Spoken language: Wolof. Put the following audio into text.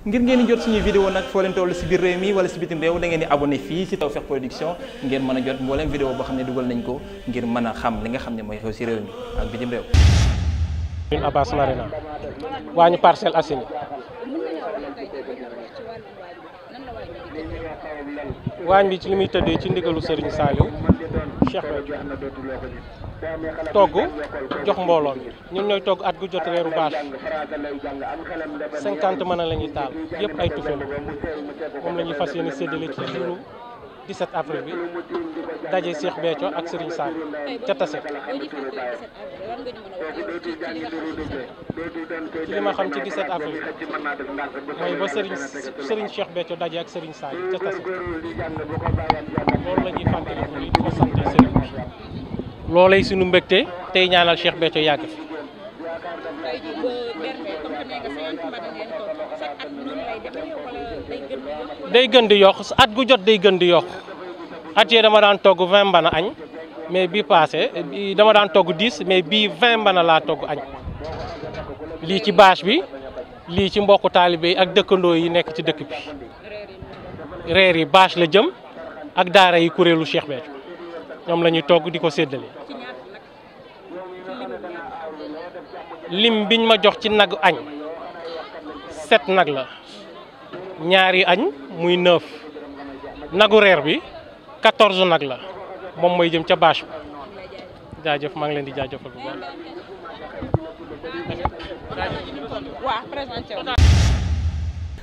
ngir ngeen di jot suñuy vidéo nag foo leen toll si biir réew mi wala si bitim réew da ngeen di abonné fii si Tawfekh Production ngeen mën a jot mbooleem vidéo boo xam ne dugal nañ ko ngir mën a xam li nga xam ne mooy xew si réew mi ak bitim réew ñun Abass Marina waa ñu Parcelles Assainies waañ bi ci li muy tëddee ci ndigalu Serigne Saliou Cheikh Béthio togg jox mbooloo mi ñun ñooy togg at gu jot weeru bâche cinquante mën a la ñuy taal yëpp ay tufel moom la ñuy fas yéene séddale ci jouru 17 avril bi daje Cheikh Béthio ak Serigne Sarr ca tase ci li ma xam ci 17 avril mooy ba Serigne Serigne Cheikh Béthio daje ak Serigne Sarr ca tase loolu la loolay suñu mbégte tey ñaanal Cheikh Béthio yàgg fi day gën di yokk at gu jot day gën di yokk at yee dama daan togg 20 mbana añ mais bi paase dama daan togg 10 mais bii 20 mbana laa togg añ lii ci bâche bi lii ci mbokku taalibe ak dëkkandoo yi nekk ci dëkk bi reer yi bâche la jëm ak daara yi kuréelu Cheikh Béthio ñoom la ñuy togg di ko séddale lim biñ ma jox ci nagu añ sept nag la ñaari añ muy neuf nagu reer bi quatorze nag la moom mooy jëm ca bâche jaajëf maa ngi leen di jaajëfal bu baax.